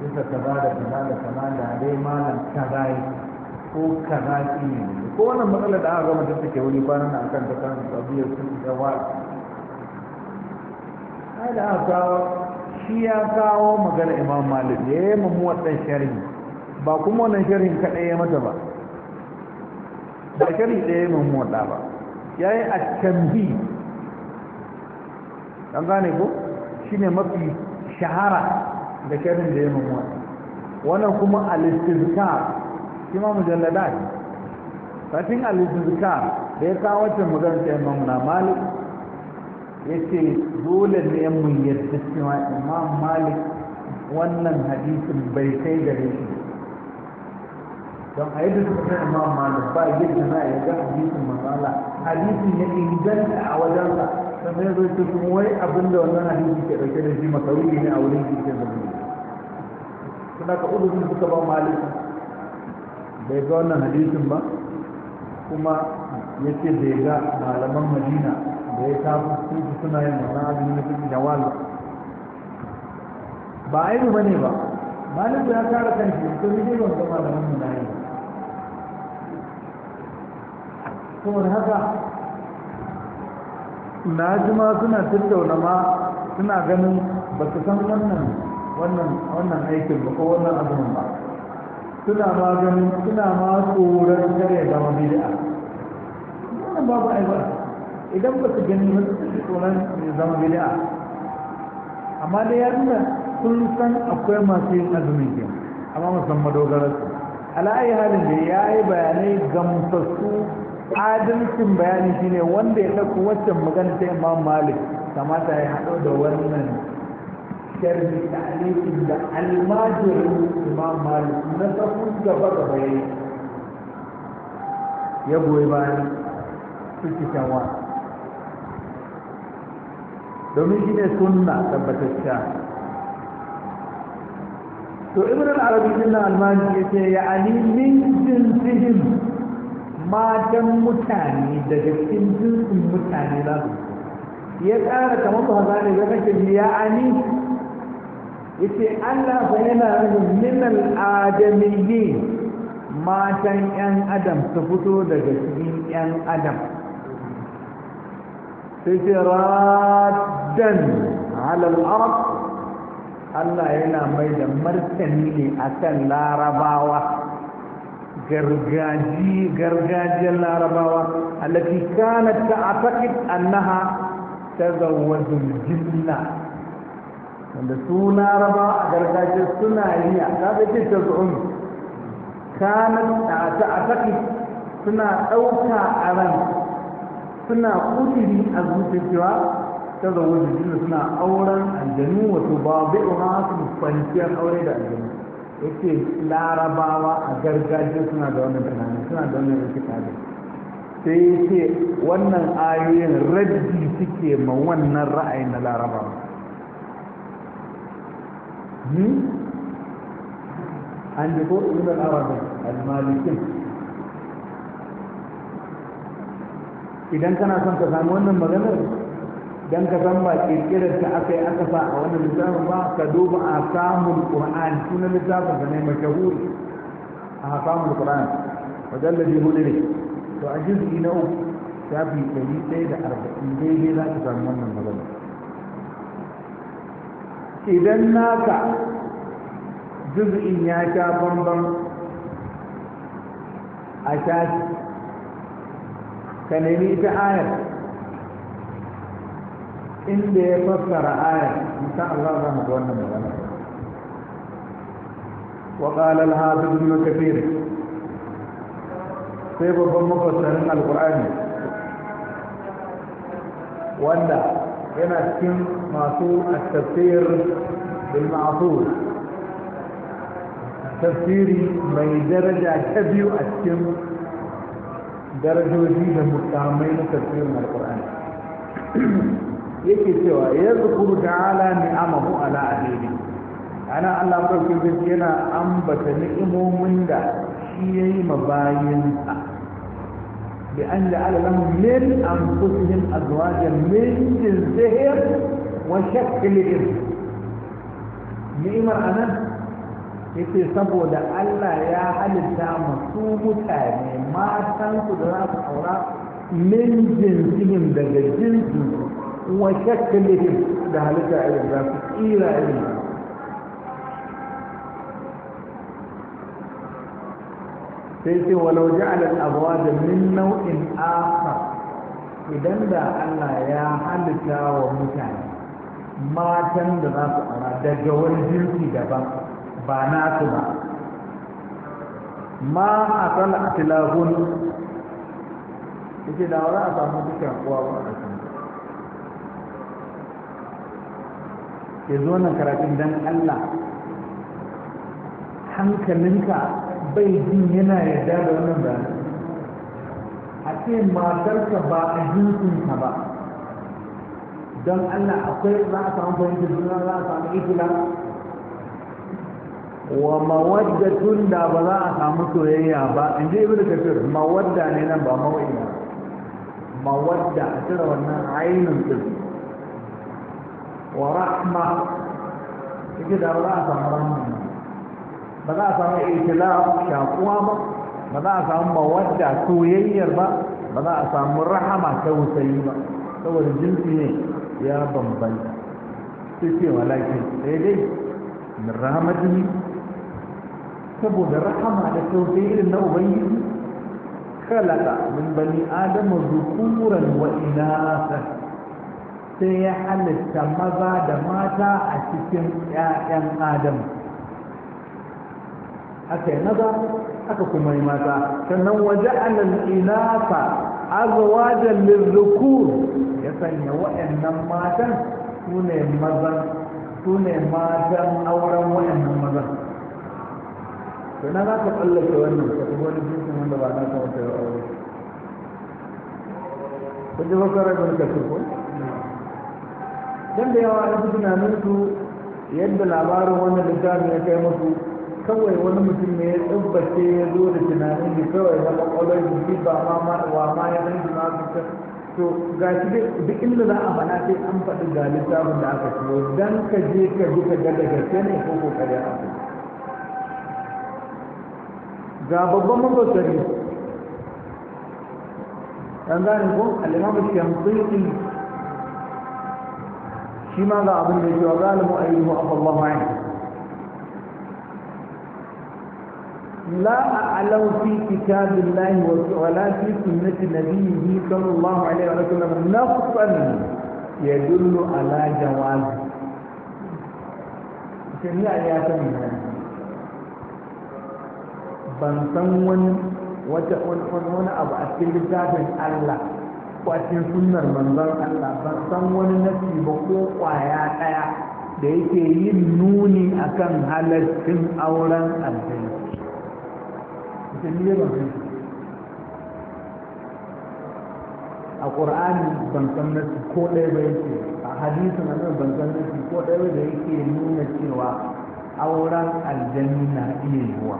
bisa kaza da kaza da kaza da dai malam kaza yi ko kaza shi ne ko wannan matsalar da aka gama ta take wuri kwanan nan akan ta kan tsabiyar su da wa ai da aka kawo shi ya kawo magana imam malik ya yi mu wannan sharhi ba kuma wannan sharhi kaɗai ya mata ba ba sharhi ɗaya ya mu mamu ba ya yi a tambi an gane ko shine mafi shahara da shirin da ya mamuwa wannan kuma alistizkar shi ma mujallada ne fatin alistizkar da ya kawo wacce magana ta imam na malik ya ce dole ne mun yarda cewa imam malik wannan hadisin bai kai da shi don a da suka san imam malik ba yadda na yarda hadisin matsala hadisin ya inganta a wajensa sannan zai ce kuma wai abin da wannan hadisi ke dauke da shi makaruri ne a wurin kike da zuwa suna ka udurin suka ba maliki bai ga wannan hadisin ba kuma ya ce bai ga malaman madina da ya tafi su suna yin wannan abin da suke jawal ba aibu ba ne ba maliki ya kare kan shi to ni dai ban ga malaman mu na yi haka na ji ma suna tattauna ma suna ganin ba su san wannan wannan wannan aikin ba ko wannan abin ba suna ma ganin suna ma tsoron kare zama bid'a wannan babu ba idan ba su gani ba su tsoron zama bid'a amma da ya nuna sun san akwai masu yin azumin ke amma musamman dogarar su ala halin da ya yi bayanai gamsassu adalcin bayani shine wanda ya ɗauko waccan magana ta imam malik kamata ya haɗo da wannan sharri da alikin da almajirin imam malik na tafi gaba gaba ya ya goyi bayan suke kyanwa domin shi ne sunna tabbatacciya to ibn al-arabi din nan ya ce ya ani min jinsihim matan mutane daga cikin dukkan mutane za su ya tsara kamar su ne ya kake ya ani yace Allah fa yana nufin minal adamiyyi matan yan adam su fito daga cikin yan adam sai ce raddan halal arab Allah yana mai da martani ne akan larabawa غرغاجي غرغاجي العربية التي كانت تعتقد أنها تزوج الجنة عند سونا ربا غرغاجي سونا هي كانت تزعم كانت تعتقد سنا أوكا أمن سنا قتلي أزوج تزوج الجنة سنا أولا الجنة وتبابئها في الفنسية حول الجنة yake larabawa a gargajiya suna da wannan tunanin suna da wannan itikadi sai yake wannan ayoyin raddi suke ma wannan ra'ayin na larabawa hmm? an ji ko ibn al-arabi al-malikin idan kana son ka samu wannan maganar dan ka san ba kirkirar ta aka yi aka sa a wannan littafin ba ka duba a samun qur'an sunan littafin da ne mashahuri a samun qur'an da hudu ne to a juz'i na uku shafi ɗari ɗaya da arba'in daidai za ka samu wannan magana idan naka juz'in ya sha bambam a shafi ka nemi ita ayar inda ya fassara aya insha Allah za mu ga wannan magana wa qala al-hafiz ibn kathir sai babban mafassarin alqur'ani wanda yana cikin masu at-tafsir bil ma'thur tafsiri mai daraja ta biyu a cikin darajoji da mukamai na tafsirin alqur'ani yake cewa ya zukuru ta'ala ni'amahu ala abidi ana Allah farko zai yana ambata ni'imomin da shi yayi mabayinsa bi an ja'ala lahum min anfusihim azwajan min jinsihim wa shaklihim ni'imar anan yake saboda Allah ya halitta masu mutane matansu da za su aura min jinsihim daga jinsinsu wa shakalihim da halitta irin za su tsira irin za sai ce walau ja'ala al-abwaja min nau'in akhar idan da Allah ya halitta wa mutane matan da za su aura daga wani jinsi daban ba nasu ba ma a tsala a tilahun yake da wani a samu dukkan kowa ba ya zo nan karatun dan Allah hankalinka bai jin yana yarda da wannan ba a ce matarka ba a jinsinka ba don Allah akwai za a samu fahimtar juna za a samu ikila wa tun da ba za a samu soyayya ba in ji ibnu kafir mawadda ne nan ba mawaiya mawadda a cire wannan ainihin tsirri wa rahma yake da ba za a samu rahma ba za a samu itila shakuwa ba ba za a samu mawadda soyayyar ba ba za a samu rahama tausayi ba saboda jinsi ne ya bambanta sai ce walakin sai dai min rahamatihi saboda rahama da tausayi irin na ubangiji khalaqa min bani adama zukuran wa ina inasa sai ya halitta maza da mata a cikin 'ya'yan adam aka yi maza aka kuma yi mata sannan waje alal inafa da lirzukur ya sanya waɗannan matan su ne mazan su ne matan auren waɗannan mazan to na za ka tsallake wannan ka kuma wani jinsin wanda ba na kan ta yi aure kun ji bakarar da kuka ko don da yawa na tunanin su yadda labarin wannan littafin ya kai musu kawai wani mutum ne ya tsubbace ya zo da tunanin da kawai na kwakwalwar jiki ba ma ma wa ma ya san ma su to ga shi dai duk inda za a bana sai an faɗi ga littafin da aka ciwo dan ka je ka ji ka daga gaske ne ko ko kare a ga babban mabasari an gane ko al'imamu yanzu kime de adım veriyor ben bu eyyuhu afallahu aleyh لا أعلم في كتاب الله ولا في سنة نبيه صلى الله عليه وسلم نقصا يدل على جواز جميع آيات من هذا بنتم وتقول حنون أبعث أسكي بسافر الله kwace sunnar manzon Allah ban san wani nasi ba ko kwaya ɗaya da yake yin nuni akan halaccin auren aljanna ita ne ban san a ƙur'ani ban san nasi ko ɗaya ba yake a hadisin nan ban san nasi ko ɗaya ba da yake nuna cewa auren aljanna na iya yiwuwa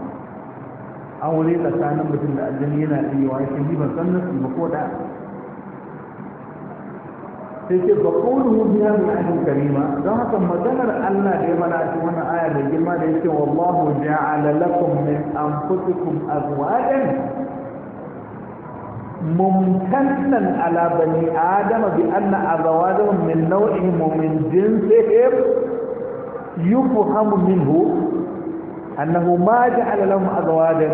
aure tsakanin mutum da aljanna yana iya yiwuwa yake ni ban san nasi ba ko ɗaya sai ce ba qawluhu biha min ahli karima don haka maganar Allah da ya mana cikin wannan aya da girma da yake wallahu ja'ala lakum min anfusikum azwajan ممتنا على بني آدم بأن أزواجهم من نوعهم ومن جنسهم يفهم منه أنه ما جعل لهم أزواجا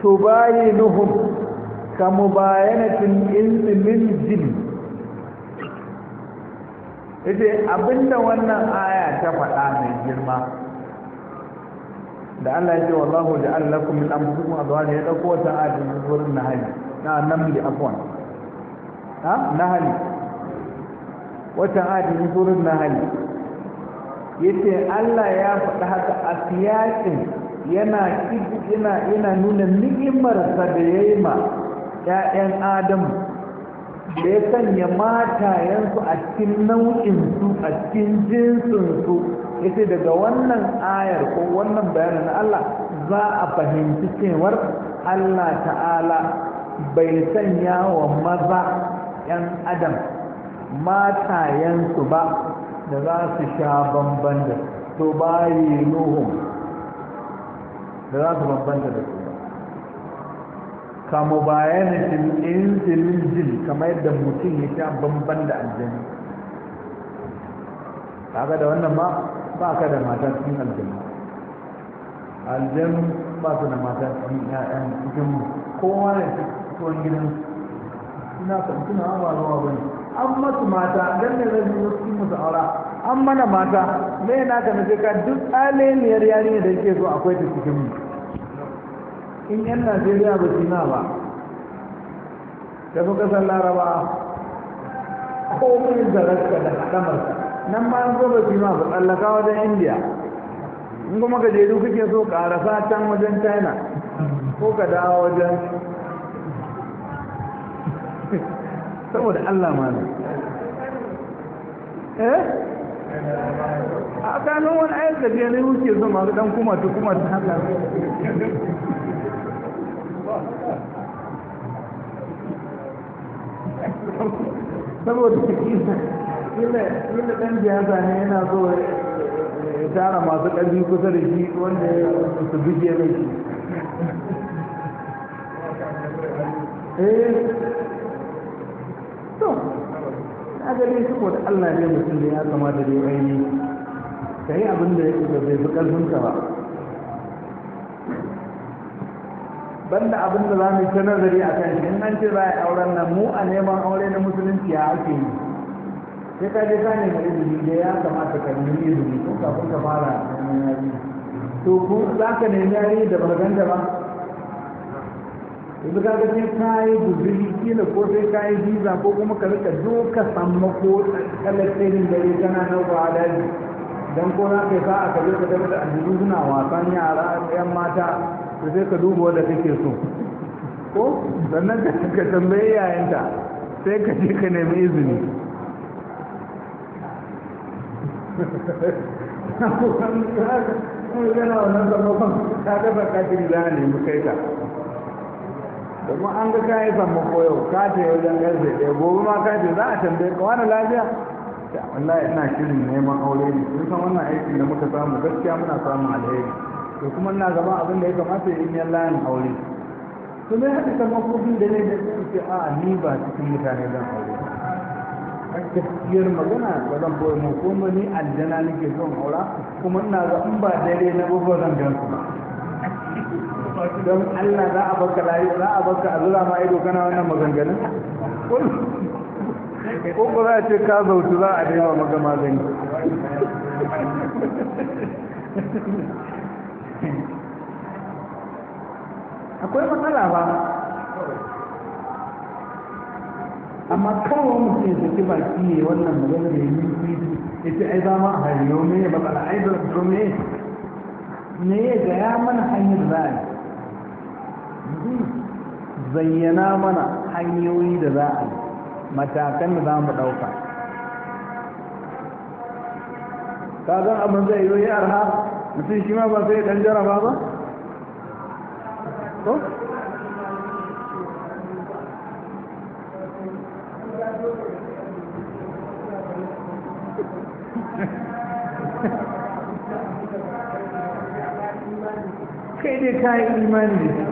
تباينهم kamubayanatin insi min jini. ita abinda wannan aya ta faɗa mai girma da Allah ya ce wallahu ja'ala lakum min zuwa ne ya ɗauko wata aya wurin na hali? na namli afon ha hali wata wurin na hali? ya ce Allah ya faɗa haka a siyasin yana yana nuna ni'imar sa da yi ma 'ya'yan adam da ya sanya matayensu a cikin nau'insu a cikin jinsinsu ya ce daga wannan ayar ko wannan bayanin Allah za a fahimci cewar Allah ta'ala bai sanya wa maza 'yan adam matayensu ba da za su sha bambanta da bayi nuhun da za su bambanta da su kama bayanatin inzilin jil kamar yadda mutum ya sha bamban da aljani kaga da wannan ma ba ka da mata cikin aljanu aljanu ba su da mata cikin ƴaƴan cikin kowa ne cikin gidan suna a ba rawa bane an masu mata dan ne zai zo cikin musu aura an mana mata me na ka nace ka duk aleniyar yarinya da yake so akwai ta cikin mu in yan najeriya ba su na ba tafi kasar laraba ko zararka da haɗamarka nan ma an ba su ma ba tsallaka wajen india in kuma gajeru kake so ƙarasa can wajen china ko ka dawo wajen saboda allah ma eh a kanon wani ayar da biya ne wuce zama dan kuma ta kuma ta haka saboda kila ɗan siyasa ne yana so ya tara masu ƙarfi kusa da shi wanda ya su bige mai shi eh to a gare da Allah ne mutum da ya kamata da ya yi ka yi abin da zai fi ƙarfin ka ba banda abin da za mu ta nazari a kan shi in an ce za a auren nan mu a neman aure na musulunci ya ake yi sai ka je ka nemi izini da ya kamata ka nemi izini ko kafin ka fara neman yari to ku za ka nemi yari da ba ganta ba yanzu ka ga sai ka yi guzuri kila ko sai ka yi visa ko kuma ka rika doka sammako ya dare kana ba daji don ko za ka yi sa'a ka zo ka tabbata a suna wasan yara yan mata Ka sai ka duba wanda kake so ko sannan ka tambayi yayanta sai ka je ka nemi izini gana wannan ta dafa kafin nemi kai an ga kayi sama koyo ka ce wajen ƙarfe ɗaya gobe ma ka ce za a tambaye ka wani lafiya wallahi ina shirin neman aure ne kun san wannan aikin da muka samu gaskiya muna samun alheri to kuma na gaba abin da ya kamata ya yi layin aure to me haka kan makokin da ne da ce a ni ba cikin mutane zan aure a gaskiyar magana ba zan boye mu kuma ni aljana nake son aura kuma ina ga in ba dare na ba zan gan su ba don Allah za a baka layi za a baka a zura ma ido kana wannan maganganun ko ba za a ce ka zautu za a daina maka magani akwai matsala ba amma kawo mutum ya saki baki ne wannan magana da yi kwiti ya ce ai za mu a hariyo me ya matsala ai da me ne ya gaya mana hanyar za a yi? zayyana mana hanyoyi da za a yi matakan da za mu ɗauka ka zan abin zai yi arha mutum shi ma ba sai ɗan jaraba ba sai ka yi imani da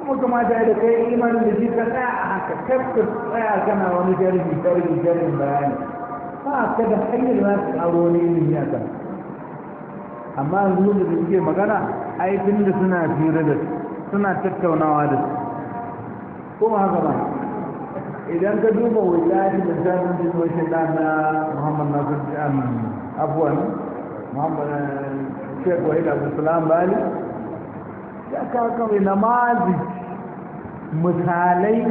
shi kuma da ka kai imani da shi ka tsaya a haka kar ka tsaya kana wani jarumi jarumi jarumin bayani ba ka da hanyar za ka aro ne ne ya ta amma yanzu da suke magana aikin da suna fira da suna tattaunawa da su kuma haka ba idan ka duba wallahi da zanen jin wasu na muhammad nasir um, abuwan muhammad uh, shekwa ila abu bali ya kaka mai namazi misalai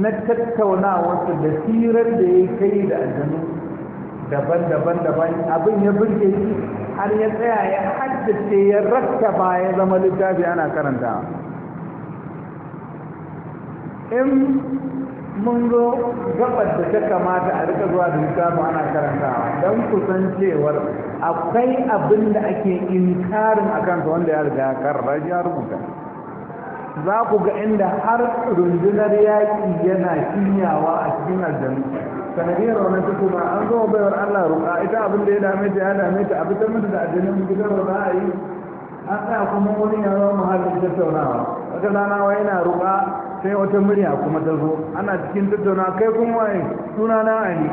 na wasu da sirar da ya kai da aljanu daban-daban daban abin ya burge shi har ya tsaya ya haddace ya rattaba ya zama littafi ana karanta in mun zo gabar da ta kamata a rika zuwa da littafin ana karantawa don kusan cewar akwai abin da ake inkarin a kansa wanda ya riga karra ya rubuta za ku ga inda har rundunar yaƙi yana cinyawa a cikin aljanu sanadiyar wani ta ma an zo baiwar allah ruka ita abin da ya dame ta ya dame ta abin ta mutu da aljanun gidan ba a yi an sa kuma wani yawon muhallin tattaunawa wata wa yana ruka sai wata murya kuma ta zo ana cikin tattauna kai kuma waye suna na ali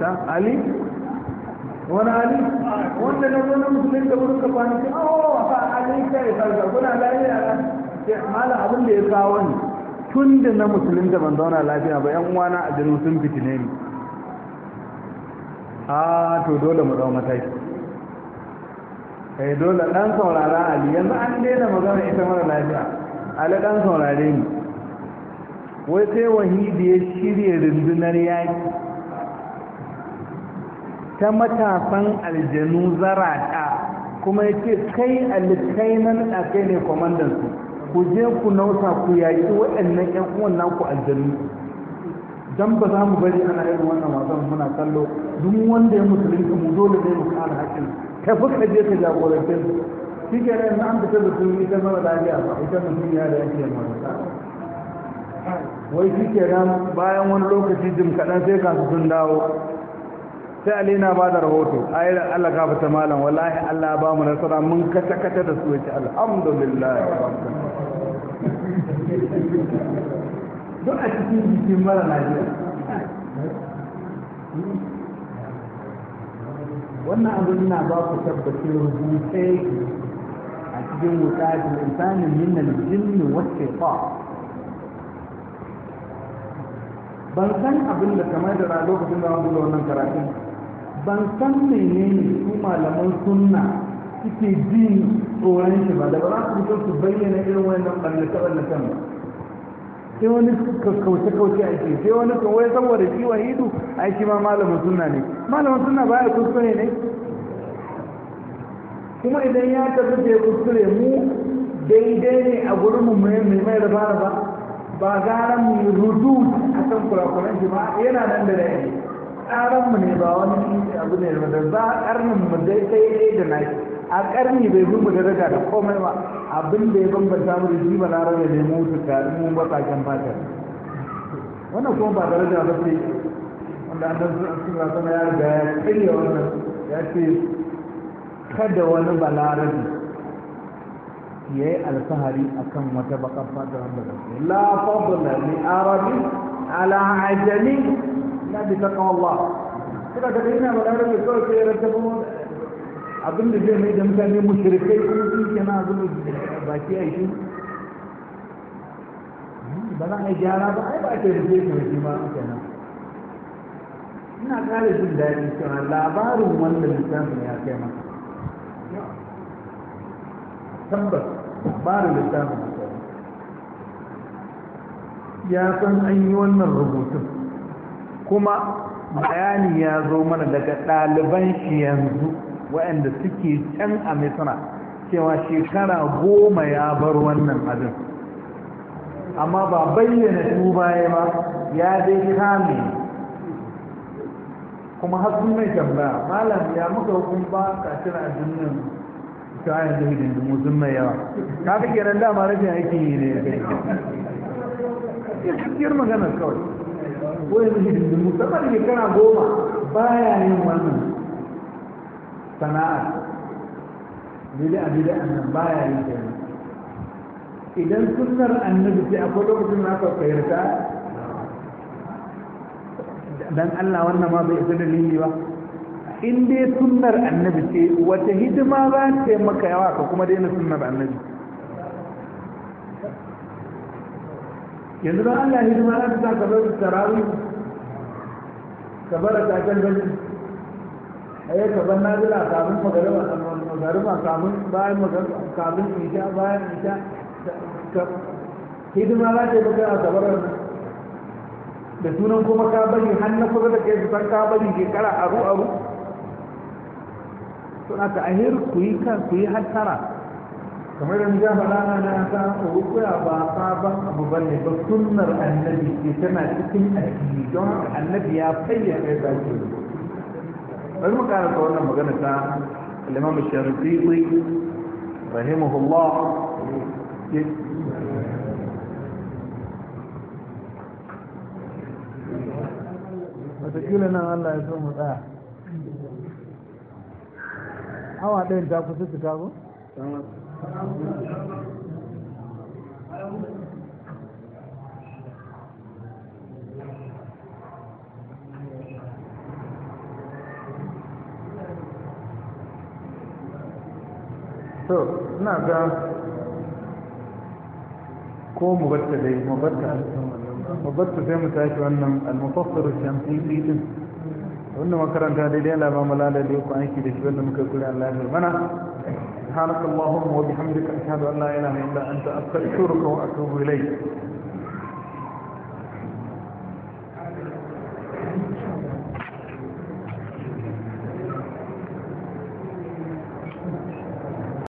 ta ali wani ali wanda na zo na musulun da wurin kafa ne oh fa ali kai farka kuna lafiya ce mala abin da ya kawo ni tun da na musulun da ban zauna lafiya ba yan uwana a jirin sun fitine ni a to dole mu zama mataki kai eh, dole dan saurara ali yanzu an daina magana ita mara lafiya alaɗan saurare ne wai sai wahidi ya shirya rundunar yaƙi ta matasan aljanu zarata kuma ya ce kai alkainan a kai ne kwamandansu ku je ku nausa ku yaƙi waɗannan ƴan uwan naku aljanu don ba za mu bari ana irin wannan wasan muna kallo duk wanda ya musulunci mu dole ne mu kara hakkin kai fuka je ka jagorance shi ke nan an fita mutum ita mara lafiya ba ita mutum ya da yake mara wai shi ke nan bayan wani lokaci jim kaɗan sai kansu sun dawo sai alina ba da rahoto a yi da Allah ka fita malam wallahi Allah ba mu nasara mun kata kata da su yace alhamdulillah duk a cikin jikin mara lafiya wannan abin na ba ku tabbacin rubuce بوقاية الإنسان من الجن والشيطان ban san abin da kamar da lokacin da wani wannan karatun ban san menene su malaman sunna suke jin tsoron shi ba da ba za su fito su bayyana irin wannan ɓallace-ɓallacen ba sai wani kauce-kauce ake sai wani kawai saboda shi wahidu a shi ma malamin sunna ne malamin sunna ba ya kuskure ne kuma idan ya tafi da kuskure mu daidai ne a gurin mu mai mai raba raba ba gara mu rudu a kan kurakuran shi ba yana nan da rai tsaran mu ne ba wani abu ne da za a karnin mu dai sai da naki a karni bai bi mu da daga da komai ba abin da ya bambanta mu da shi ba larabe ne mu su ka mu bakaken fatar wannan kuma ba daraja ba sai wanda annabi sallallahu alaihi wasallam ya riga ya kirya wannan ya ce kada wani balarabi ya yi alfahari a kan wata bakar fadar da rasu la fadla li arabi ala ajami na bi taqwa Allah kada ka dina balarabi ko sai ya rattaba abin da zai mai da mutane mushrikai ko kuma sun kenan zuwa baki a shi ba za a yi gyara ba ai ba a ke rufe shi shi ma kenan ina kare jin daɗi cewa labarin wannan littafin ya kai maka tabbas ba da littafin ya san an yi wannan rubutun kuma bayani ya zo mana daga ɗaliban shi yanzu waɗanda suke can a misra cewa shekara goma ya bar wannan abin amma ba bayyana su baya ba ya dai kame kuma har mai tambaya malam ya muka hukun ba ka tira a Kayan a yanzu sun mai yawa ka fi kenan dama rashin aikin yi ne ya kai cikin magana kawai ko yanzu hidindimu sama da shekara goma baya yin wannan sana'a bid'a a nan baya yin kenan idan sunnar annabi ce akwai lokacin na aka fahimta dan Allah wannan ma bai isa dalili ba in dai sunnar annabi ce wata hidima za ta maka yawa ka kuma daina sunnar annabi yanzu an allah hidima za ta sa ka bar tarawi eh, ka bar taken a yi ka bar nazila kafin magariba magariba kafin bayan magariba ma isha bayan isha hidima za ta maka yawa ka bar da sunan kuma ka bari har na kusa da kai su san ka bari shekara aru aru suna ka ahir ku yi kan ku yi hattara kamar da ja ba rana na ta rukuya ba sabon abu ba ne ba sunnar annabi ce tana cikin addini don annabi ya fayyace da shi bari mu ƙara wannan magana ta الإمام الشرقيطي رحمه الله وتكيلنا الله يسوم الآن awa ɗayan ta kusa su kago? to ina ga ko mubatta dai mubatta mubatta sai mu tashi wannan al-mufassir shamsi din wannan makaranta daidai Allah ba mu lalace ku aiki da shi wanda muka kula Allah ya mana subhanakallahumma wa bihamdika ashhadu an la ilaha illa anta astaghfiruka wa atubu ilayk